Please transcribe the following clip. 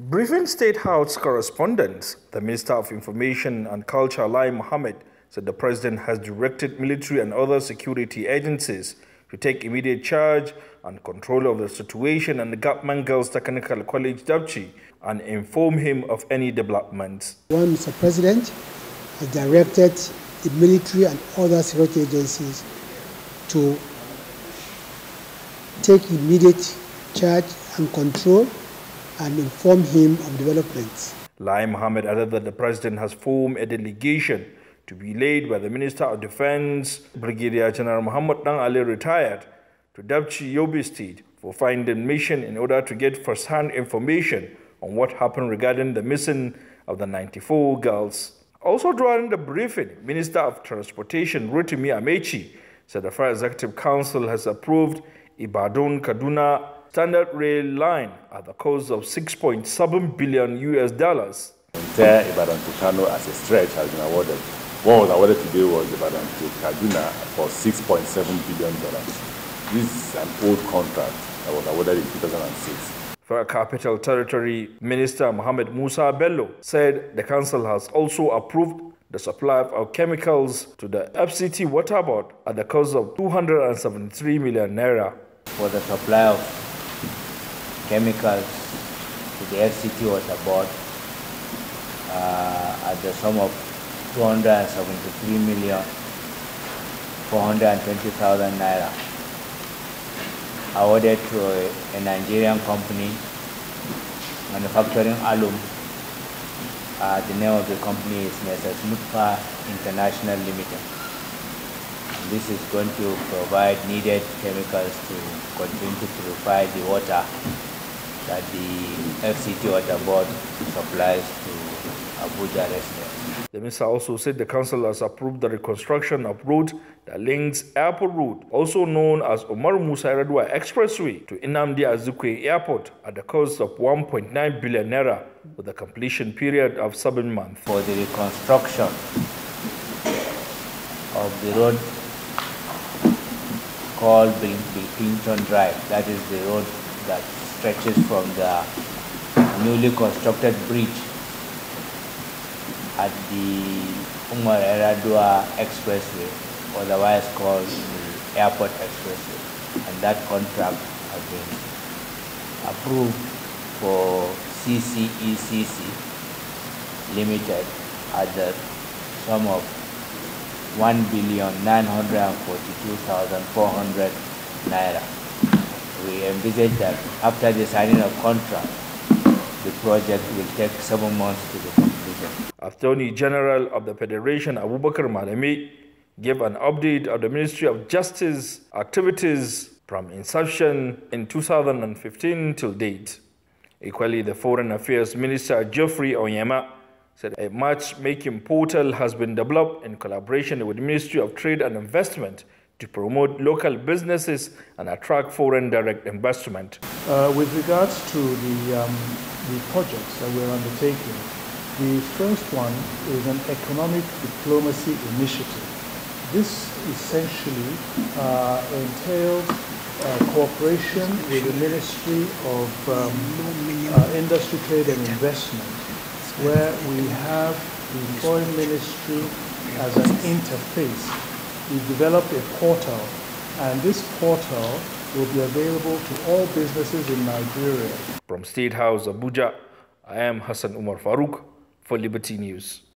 Briefing State House correspondents, the Minister of Information and Culture, Lai Mohammed, said the president has directed military and other security agencies to take immediate charge and control of the situation at the Gapman Girls Technical College, Dabchi, and inform him of any developments. One, Mr. President, has directed the military and other security agencies to take immediate charge and control and inform him of developments. Lai Mohammed added that the president has formed a delegation to be led by the Minister of Defense, Brigadier General Muhammad Dang Ali retired, to Dabchi Yobe State for finding mission in order to get first-hand information on what happened regarding the missing of the 94 girls. Also during the briefing, Minister of Transportation Rotimi Amechi said the Fire Executive Council has approved Ibadan Kaduna Standard Rail line at the cost of 6.7 billion US dollars. The entire Ibadan to Kano as a stretch has been awarded. What was awarded today was Ibadan to Kaduna for 6.7 billion dollars. This is an old contract that was awarded in 2006. For Capital Territory Minister Mohamed Musa Bello said the council has also approved the supply of chemicals to the FCT Water Board at the cost of 273 million naira. For the supply of chemicals to the FCT was about uh, at the sum of 273 million 420,000 naira awarded to a, a, Nigerian company manufacturing alum. Uh, the name of the company is Messrs. Mutpa International Limited. And this is going to provide needed chemicals to continue to purify the water that the FCT water board supplies to Abuja residents. The minister also said the council has approved the reconstruction of road that links Airport Road, also known as Omar Musa Redwa Expressway, to Inamdi Azukwe Airport at the cost of 1.9 billion naira with a completion period of seven months. For the reconstruction of the road called the Clinton Drive, that is the road that stretches from the newly constructed bridge at the Umar Eradua Expressway, otherwise called the Airport Expressway. And that contract has been approved for CCECC Limited at the sum of 1,942,400 naira we envisage that after the signing of contract, the project will take seven months to be completion. Attorney General of the Federation, Abubakar Malami, gave an update of the Ministry of Justice activities from inception in 2015 till date. Equally, the Foreign Affairs Minister, Geoffrey Onyema, said a matchmaking portal has been developed in collaboration with the Ministry of Trade and Investment to promote local businesses and attract foreign direct investment. Uh, with regards to the, um, the projects that we're undertaking, the first one is an economic diplomacy initiative. This essentially uh, entails uh, cooperation with the Ministry of um, uh, Industry, Trade and Investment, where we have the Foreign Ministry as an interface we developed a portal, and this portal will be available to all businesses in Nigeria. From State House Abuja, I am Hassan Umar Farouk for Liberty News.